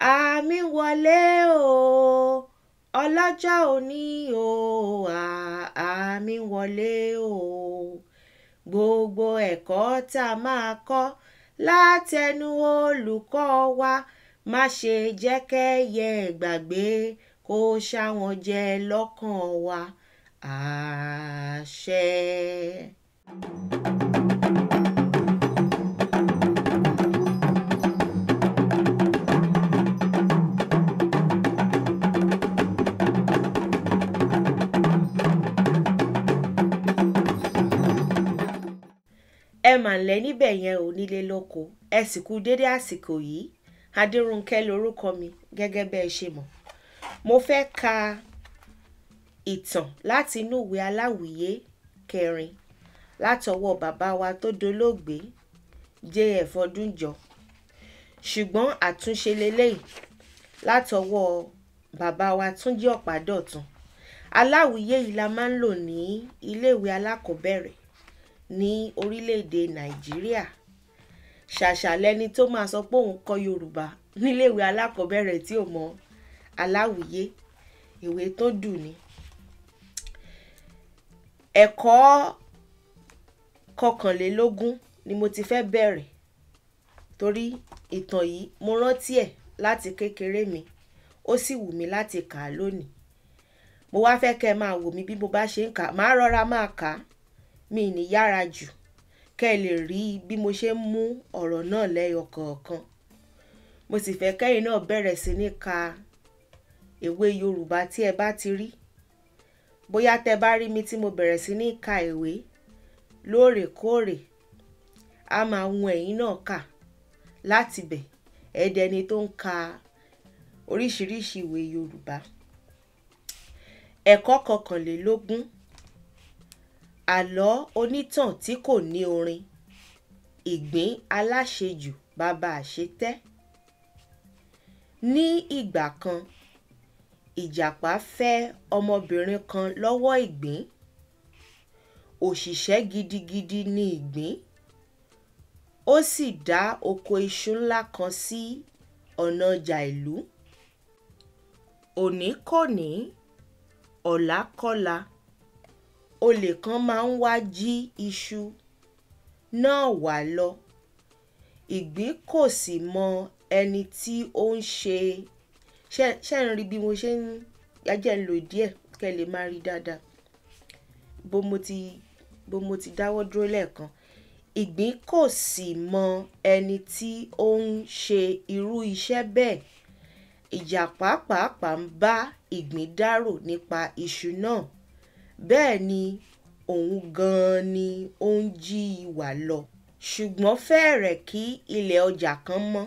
àmì wọlé o ọlọ́jọ́ òní o àmì wọlé o gbogbo ẹ̀kọ́ tá a máa kọ́ látẹnu olùkọ́ wa má ṣe jẹ́ kẹ́yẹ gbàgbé kó ṣáwọn jẹ lọ́kàn wa àṣẹ. thank you ẹ mà ǹlẹ́ níbẹ̀ yẹn ò nílé lóko ẹ sì kú dédé àsìkò yìí adẹrùnkẹ́ lorúkọ mi gẹ́gẹ́ bẹ́ẹ̀ ṣe mọ̀ mo fẹ́ ka ìtàn láti inú ìwé aláwìyé kẹrin látọwọ́ bàbá wa tó dolóògbé jf ọdúnjọ ṣùgbọ́n àtúnṣe leléyìí látọwọ́ bàbá wa túnjí ọ̀pádọ̀tun aláwìyé yìí la máa ń lò ní iléèwé alákọ̀ọ́bẹ̀rẹ̀ ní orílẹ̀-èdè nàìjíríà ṣàṣà lẹni tó máa sọ pé òun kọ́ yorùbá níléèwé alákọ̀ọ́bẹ̀rẹ̀ tí ò mọ aláwìyé ìwé tó dùn ni ẹ̀kọ́ kọkànlélógún ni mo ti fẹ́ bẹ̀rẹ̀ torí ìtàn yìí mo rántí ẹ̀ láti kékeré mi ó sì wù mí láti kà á lónìí mo wá fẹ́ kẹ́ ẹ máa wò mí bí mo bá ṣe ń kà á màá rọra máa kà á mi ní yára jù kẹ́ ẹ lè rí bí mo ṣe ń mú ọ̀rọ̀ náà lẹ́yọ kọ̀ọ̀kan mo sì fẹ́ kẹ́yìn náà bẹ̀rẹ̀ sí ní ka ìwé Yorùbá tí ẹ bá ti rí bóyá tẹ bá rí mi tí mo bẹ̀rẹ̀ sí ní ka ìwé lóòrèkóòrè a máa hun ẹ̀yìn náà kà láti bẹ̀ ẹ̀ẹ́dẹni tó ń ka oríṣiríṣi ìwé Yorùbá ẹ̀kọ́ kọkànlélógún Àlọ́ onítàn tí kò ní orin "Ìgbín aláṣejù baba àṣetẹ́". Ní ìgbà kan, Ìjàpá fẹ́ ọmọbìnrin kan lọ́wọ́ ìgbín. Òṣìṣẹ́ gidigidi ni ìgbín, ó sì dá oko iṣu ńlá kan sí ọ̀nà ọjà ìlú. Òní kò ní, ọ̀la kọ́la olè kan máa ń wá jí iṣu náà wá lọ ìgbín kò sì mọ ẹni tí ó ń ṣe ṣe ń rí bí mo ṣe ń ajẹ́ ń lò díẹ̀ kẹ́ lè máa rí dáadáa bó mo ti bó mo ti dáwọ́ dúró lẹ́ẹ̀kan ìgbín kò sì mọ ẹni tí ó ń ṣe irú iṣẹ́ bẹ́ẹ̀ ìjà pàápàá ń bá ìgbín dárò nípa iṣu náà bẹ́ẹ̀ ni òun gan-an ni ó ń jí i wá lọ ṣùgbọ́n fẹ́rẹ̀ kí ilẹ̀ ọjà kan mọ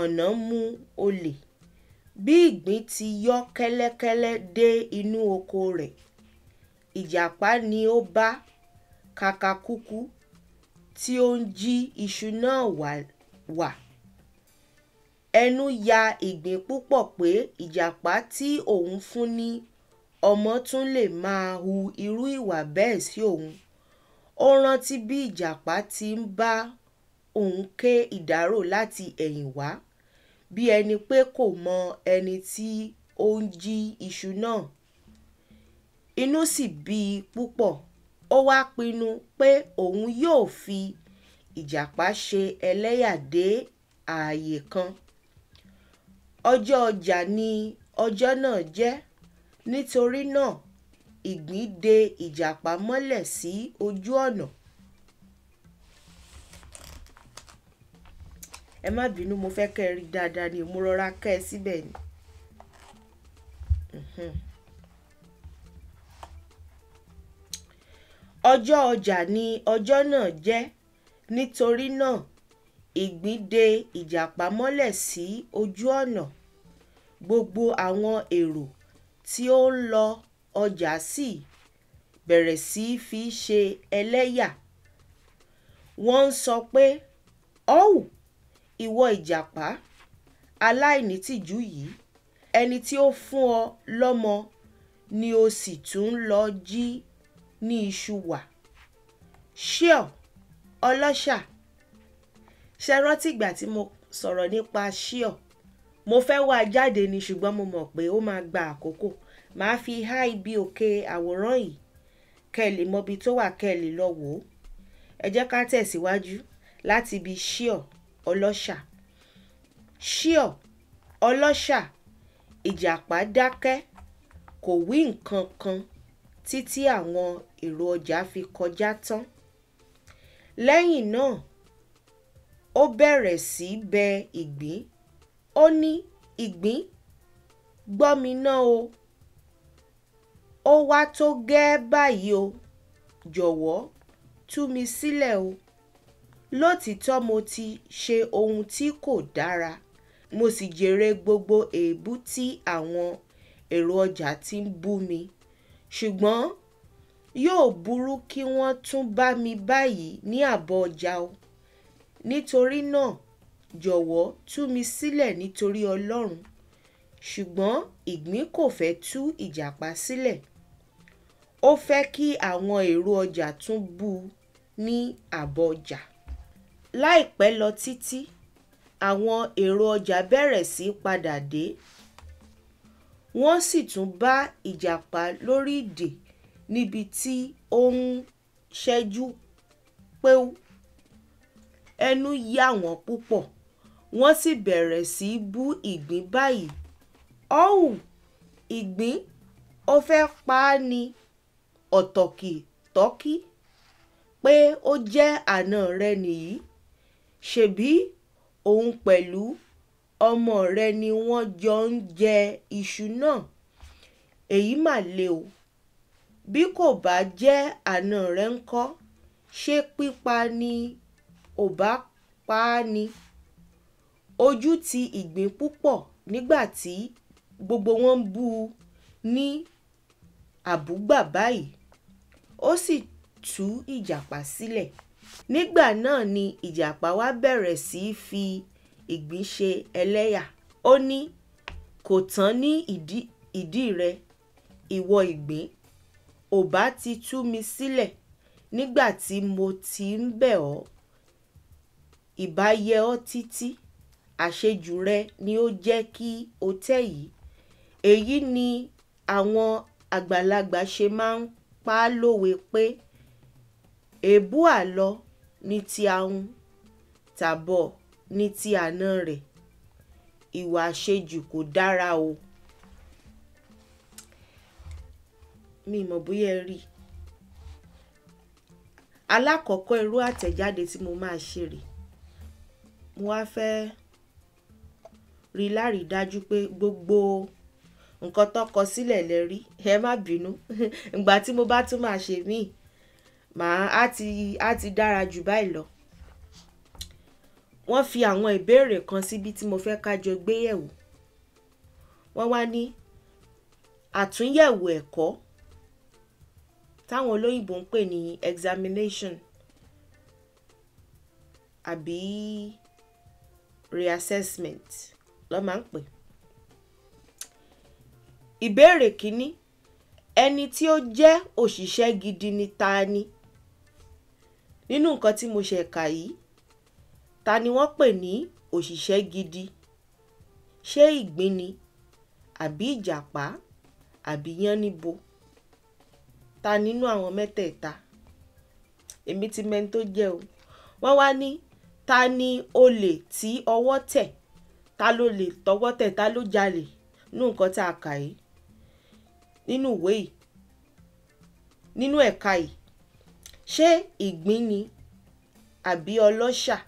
ọ̀nà mú olè bí ìgbín ti yọ́ kẹ́lẹ́kẹ́lẹ́ dé inú oko rẹ̀ ìjàpá ni ó bá kàkàkùkù tí ó ń jí iṣu náà wà ẹnu ya ìgbín púpọ̀ pé ìjàpá tí òun fún ní ọmọ tún lè máa hu irú ìwà bẹ́ẹ̀ sí òun ó rántí bí ìjàpá ti ń bá òun ké ìdárò láti ẹ̀yìn wá bí ẹni pé kò mọ ẹni tí ó ń jí iṣu náà inú sì bí i púpọ̀ ó wáá pinnu pé òun yóò fi ìjàpá ṣe ẹlẹ́yà ààyè kan ọjọ́ ọjà ni ọjọ́ náà jẹ́ nítorí náà ìgbín de ìjàpá mọ́lẹ̀ sí ojú ọ̀nà. ẹ má bínú mo fẹ́ kẹ́ ẹ rí dáadáa ni mo rọra kẹ́ ẹ síbẹ̀ ni. ọjọ́ ọjà ni ọjọ́ náà jẹ́ nítorí náà ìgbín de ìjàpá mọ́lẹ̀ sí ojú ọ̀nà gbogbo àwọn èrò tí ó ń lọ ọjà sì bẹ̀rẹ̀ sí í fi í ṣe ẹlẹ́yà wọ́n ń sọ pé họ́wù ìwọ ìjàpá aláìnítìjú yìí ẹni tí ó fún ọ lọ́mọ ni o sì tún ń lọ jí ní iṣu wà ṣíọ ọlọ́ṣà ṣe rántí ìgbà tí mo sọ̀rọ̀ nípa ṣíọ mo fẹ́ wá jáde ni ṣùgbọ́n mo mọ̀ pé ó máa gba àkókò màá fi há ibi òkè àwòrán yìí kẹ́ ẹ lè mọbi tó wà kẹ́ ẹ lè lọ wò ó ẹ jẹ́ ká tẹ̀síwájú láti ibi ṣíọ̀ ọlọ́ṣà ṣíọ̀ ọlọ́ṣà ìjàpá dákẹ́ kò wí nǹkan kan títí àwọn èrò ọjà fi kọjá tán lẹ́yìn náà ó bẹ̀rẹ̀ sí bẹ ìgbín ó ní ìgbín gbọ́ mi ná o ó wàá tó gẹ́ẹ́ báyìí o jọ̀wọ́ tú mi sílẹ̀ o lótìítọ́ mo ti ṣe ohun tí kò dára mo sì jèrè gbogbo èébú tí àwọn èrò ọjà ti ń bú mi ṣùgbọ́n yóò burú kí wọ́n tún bá mi báyìí ní àbọ̀ ọjà o nítorí náà jọ̀wọ́ tú mi sílẹ̀ nítorí Ọlọ́run ṣùgbọ́n ìgbín kò fẹ́ tú ìjàpá sílẹ̀ ó fẹ́ kí àwọn èrò ọjà tún bú u ní àbọ̀ ọjà láìpẹ́ lọ títí àwọn èrò ọjà bẹ̀rẹ̀ sí padà dé wọ́n sì tún bá ìjàpá lórí ìdè níbi tí ó ń ṣẹ́jú péú ẹnu yà wọ́n púpọ̀ wọ́n sì bẹ̀rẹ̀ sí í bú ìgbín báyìí họ́wù ìgbín ó fẹ́ pa á ní ọ̀tọ̀kì tọ́kì pé ó jẹ́ àna rẹ nìyí ṣebí òun pẹ̀lú ọmọ rẹ ni wọ́n jọ ń jẹ iṣu náà èyí mà le o bí kò bá jẹ́ àna rẹ ńkọ́ ṣé pípa ni ò bá pa á ni ojú ti ìgbín púpọ̀ nígbà tí gbogbo wọn ń bú u ní àbúgbà báyìí ó sì tú ìjàpá sílẹ̀ nígbà náà ni ìjàpá wá bẹ̀rẹ̀ sí í fi ìgbín ṣe ẹlẹ́yà ó ní kò tán ní ìdí rẹ ìwọ ìgbín ò bá ti tú mi sílẹ̀ nígbà tí mo ti ń bẹ̀ ọ́ ìbá yẹ ọ́ títí àṣejù rẹ ni ó jẹ́ kí o tẹ́ yìí èyí ni àwọn àgbàlagbà ṣe máa ń pa á lówe pé èébú àlọ ní ti ahun tàbọ̀ ní ti àna rẹ̀ ìwà àṣejù kò dára o. mi mọ̀ bóyá ẹ rí i alákọ̀ọ́kọ́ irú àtẹ̀jáde tí mo máa ṣe rèé mo wá fẹ́ẹ́ rí i lárídájú pé gbogbo nǹkan tó kọ sílẹ̀ lẹ rí ẹ má bínú ìgbà tí mo bá tún máa ṣe míì màá á ti á ti dára jù báyìí lọ. wọ́n fi àwọn ìbéèrè kan síbi tí mo fẹ́ ká gbéyẹ̀wò wọ́n wá ní àtúnyẹ̀wò ẹ̀kọ́ táwọn olóyìnbó ń pè ní examination àbí reassessment lọ́ máa ń pè. ìbéèrè kínní ẹni tí ó jẹ́ òṣìṣẹ́ gidi ni ta ni nínú nǹkan tí mo ṣe kà yìí ta ni wọ́n pè ní òṣìṣẹ́ gidi ṣé ìgbín ni àbí ìjàpá àbí yánníbo ta nínú àwọn mẹ́tẹ̀ẹ̀ta èmi ti mẹ́ni tó jẹ́ o wọ́n wá ní ta ni olè tí ọwọ́ tẹ̀ ta ló lè tọwọ́ tẹ̀ ta ló jalè nínú nǹkan tá a kà yìí nínú ìwé yìí nínú ẹ̀ka yìí ṣé ìgbín ni àbí ọlọ́ṣà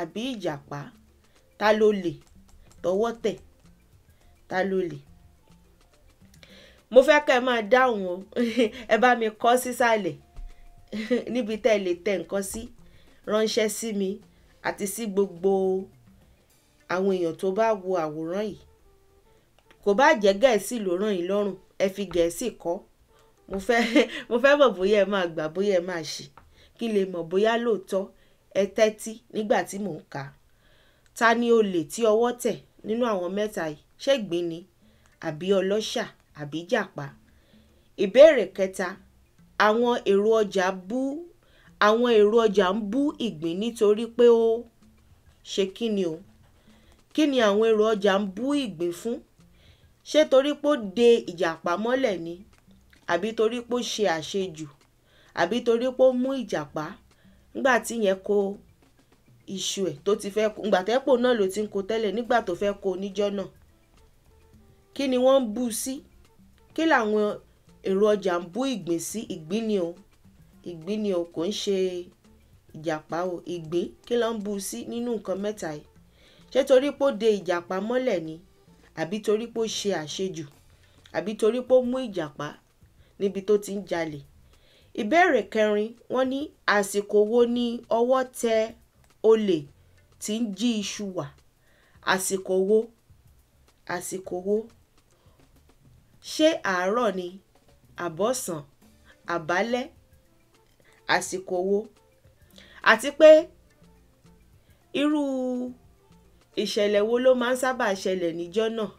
àbí ìjàpá ta ló lè tọwọ́ tẹ̀ ta ló lè mo fẹ́ kẹ́ ẹ máa dáhùn o ẹ bá mi kọ sísàlẹ̀ níbi tẹ́ ẹ lè tẹ nǹkan sí ránṣẹ́ sí mi àti sí gbogbo àwọn èèyàn tó bá wo àwòrán yìí kò bá jẹ́ gẹ̀ẹ́sì ló ràn yín lọ́rùn ẹ fi gẹ̀ẹ́sì kọ́ mo fẹ́ mo fẹ́ mọ̀ bóyá ẹ máa gbà bóyá ẹ máa ṣì kí lè mọ̀ bóyá lóòótọ́ ẹ tẹ́tí nígbà tí mò ń kà á ta ni olè tí ọwọ́ tẹ̀ nínú àwọn mẹ́ta yìí ṣègbín ni àbí ọlọ́ṣà àbí jàpá ìbéèrè kẹta àwọn èrò ọjà bú àwọn èrò ọjà ń bú ìgbín nítorí pé ó ṣe kí ni o kí ni àwọn èrò ọjà ń bú ìgbín fún ṣé torí pó de ìjàpá mọ́lẹ̀ ni àbí torí pó ṣe àṣejù àbí torí pó mú ìjàpá nígbà tí yẹn kó iṣu ẹ̀ tó ti fẹ́ kó nígbà tẹ́pò náà ló ti ń kó tẹ́lẹ̀ nígbà tó fẹ́ kó níjọ́ náà kí ni wọ́n ń bú sí kí làwọn èrò ọjà ń bú ìgbín sí ìgbín ni o ìgbín ni o kò ń ṣe ìjàpá o ìgbín kí ló ń bú sí nínú nǹkan mẹ́ta yìí ṣé torí pé ó de ìjàpá mọ́lẹ̀ ni àbí torí pé ó ṣe àṣejù àbí torí pé ó mú ìjàpá níbi tó ti ń jalè ìbéèrè kẹrin wọ́n ní àsìkò wo ni ọwọ́ tẹ olè tí ń jí iṣu wà àsìkò wo àsìkò wo ṣé àárọ̀ ni àbọ̀sán àbálẹ́ àsìkò wo àti pé irú ìṣẹ̀lẹ̀ wo ló máa ń sábà ṣẹlẹ̀ níjọ́ náà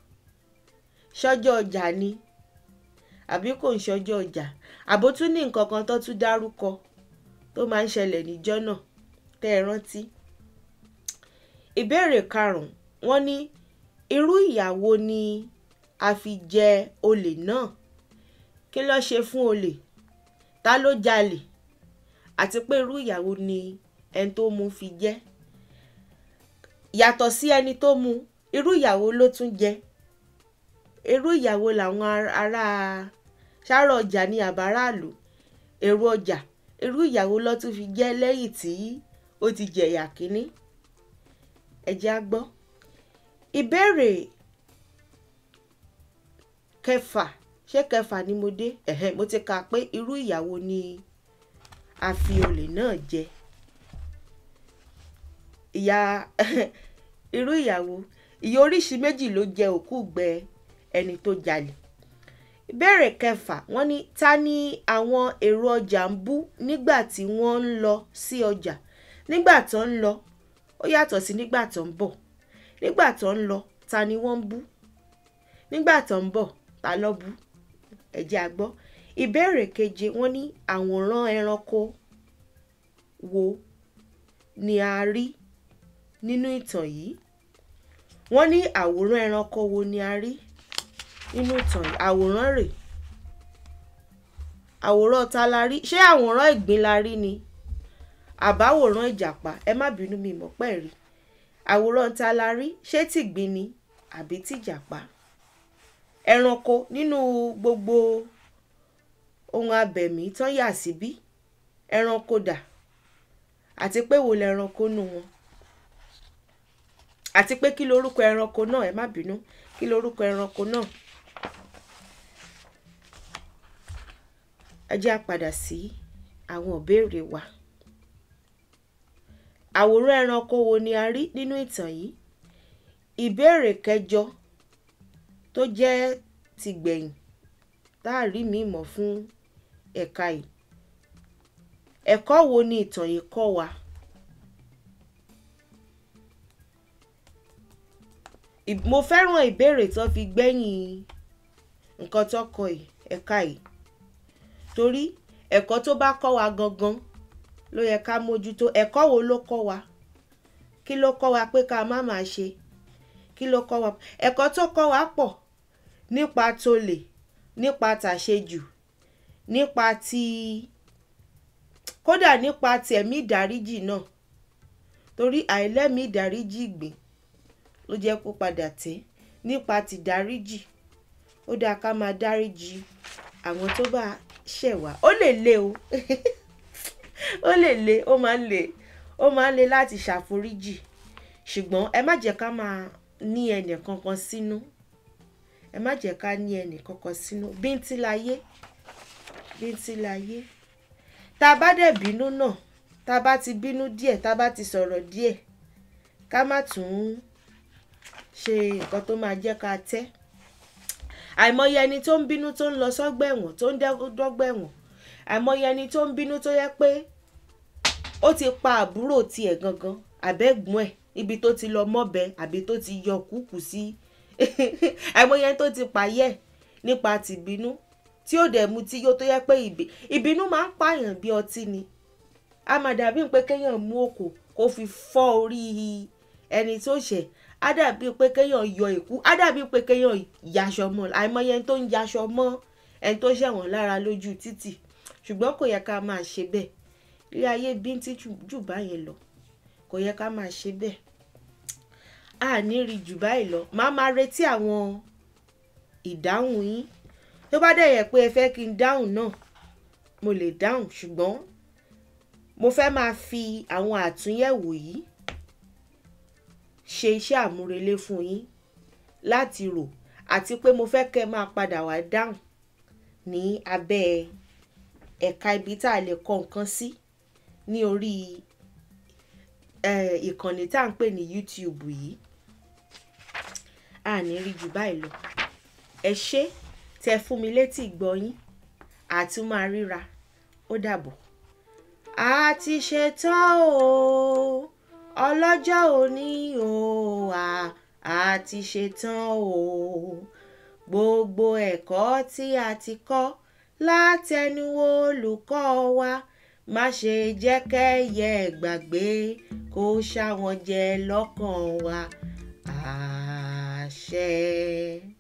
ṣọ́jọ́ ọjà ni àbí kò ń ṣọjọ́ ọjà àbó tún ní nǹkan kan tó tún dárúkọ tó máa ń ṣẹlẹ̀ níjọ́ náà tẹ́ ẹ rántí. ìbéèrè karùn-ún wọ́n ní irú ìyàwó ni a fi jẹ olè náà kí ló ṣe fún olè ta ló jalè àti pé irú ìyàwó ni ẹni tó mú fi jẹ́ yàtọ̀ sí ẹni tó mú irú ìyàwó ló tún jẹ irú ìyàwó làwọn ará sáárọ̀ ọjà ní àbáráàlú èrò ọjà irú ìyàwó ló tún fi jẹ́ lẹ́yìn tí ó ti jẹ̀yà kínní ẹ̀jẹ̀ á gbọ́ ìbéèrè kẹfà ṣé kẹfà ni mo dé ẹ̀hẹ́n mo ti kà pé irú ìyàwó ni àfi olè náà jẹ́ ìyá irú ìyàwó ìyà oríṣi méjì ló jẹ òkú gbẹ ẹni tó jalè ìbéèrè kẹfà wọ́n ní ta ni àwọn èrò ọjà ń bú nígbà tí wọ́n ń lọ sí ọjà nígbà tó ń lọ ó yàtọ̀ sí nígbà tó ń bọ̀ nígbà tó ń lọ ta ni wọ́n ń bú nígbà tó ń bọ̀ ta ló bú ẹ jẹ́ a gbọ́ keje wọ́n ní àwòrán ẹranko wo ni a rí nínú ìtàn yìí wọ́n ní àwòrán ẹranko wo ni a rí nínú ìtàn yìí àwòrán rẹ̀ àwòrán ta la rí ṣé àwòrán ìgbín la rí ni àbáwòrán ìjàpá ẹ má bínú mi mọ̀ pẹ́ rí àwòrán ta la rí ṣé tìgbín ni àbí tìjàpá ẹranko nínú gbogbo ohun abẹ̀mí tán yà síbí ẹranko dà àti pé wo lẹranko nù wọn àti pé kí lorúkọ ẹranko náà ẹ má bínú kí lorúkọ ẹranko náà ẹ jẹ́ á padà sí àwọn ìbéèrè wa àwòrán ẹranko wo ni a rí nínú ìtàn yìí ìbéèrè kẹjọ tó jẹ́ ti gbẹ̀yìn tá a rí mi fún ẹ̀ka yìí ẹ̀kọ́ wo ni ìtàn yìí kọ́ wa mo fẹ́ràn ìbéèrè tó fi gbẹ̀yìn nǹkan tó kọ ẹ̀ka yìí torí ẹ̀kọ́ tó bá kọ́ wa gangan ló yẹ ká mójútó ẹ̀kọ́ wo ló kọ́ wa kí ló kọ́ wa pé ká má máa ṣe kí ló kọ́ wa ẹ̀kọ́ tó kọ́ wa pọ̀ nípa tolè nípa tàṣejù nípa ti kódà nípa tẹ̀mí ìdáríjì náà torí àìlẹ́mí ìdáríjì gbìn ló jẹ́ kó padà tẹ̀ nípa ti dáríjì ó dáa ká máa dáríjì àwọn tó bá ṣẹ̀ ó lè le o ó lè le ó máa ń le ó máa ń le láti ṣàforíjì ṣùgbọ́n ẹ má jẹ́ ká máa ní ẹnì kankan sínú ẹ má jẹ́ ká ní ẹnì kankan sínú bíntín láyé bíntín láyé tá a bá dẹ̀ bínú náà tá a bá ti bínú díẹ̀ tá a bá ti sọ̀rọ̀ díẹ̀ ká má tún ṣe nǹkan tó máa jẹ́ ká tẹ́ àìmọye ẹni tó ń bínú tó ń lọ sọ́gbà ẹ̀wọ̀n tó ń dọ́gbà ẹ̀wọ̀n àìmọye ẹni tó ń bínú tó yẹ pé ó ti pa àbúrò tiẹ̀ gangan àbẹ́gbọ́n ẹ̀ ibi tó ti lọ mọ́bẹ àbí tó ti yọ kúkú sí àìmọye ẹni tó ti pààyẹ́ nípa tìbínú tí ó dẹ̀ mu tí yóò tó yẹ pé ìbínú máa ń pààyàn bí ọtí ni a máa dàbí pé kéèyàn mú òkò kó fi fọ́ orí ẹni tó ṣẹ̀ á dàbí pé kéèyàn yọ ìkú á dàbí pé kéèyàn yaṣọ mọ́ àìmọye ẹni tó ń yaṣọ mọ́ ẹni tó ṣẹ̀wọ̀n lára lójú títì ṣùgbọ́n kò yẹ ká máa ṣe bẹ́ẹ̀ ilé ayé bíntín jù báyẹn lọ kò yẹ ká máa ṣe bẹ́ẹ̀ a ní rí jù báyìí lọ màá máa retí àwọn ìdáhùn yín tó bá dẹ̀ yẹ pé ẹ fẹ́ kí n dáhùn náà mo lè dáhùn ṣùgbọ́n mo fẹ́ máa fi àwọn àtúnyẹ̀wò yìí ṣe iṣẹ́ àmúrelé fún yín láti rò àti pé mo fẹ́ kẹ́ máa padà wá dáhùn ní abẹ́ ẹ̀ka ibi tá a lè kọ nǹkan sí ní orí ìkànnì tá à ń pè ní YouTube yìí a ní rí jù báyìí lọ ẹ ṣé tẹ fún mi létí ìgbọ́yín àti máa ríra ó dàbọ̀ a ṣetán o ọlọ́jọ́ òní o a ti ṣetán o gbogbo ẹ̀kọ́ tí a ti kọ́ látẹnu olùkọ́ wa má ṣe jẹ́ kẹ́yẹ gbàgbé kó ṣá jẹ lọ́kàn wa àṣẹ.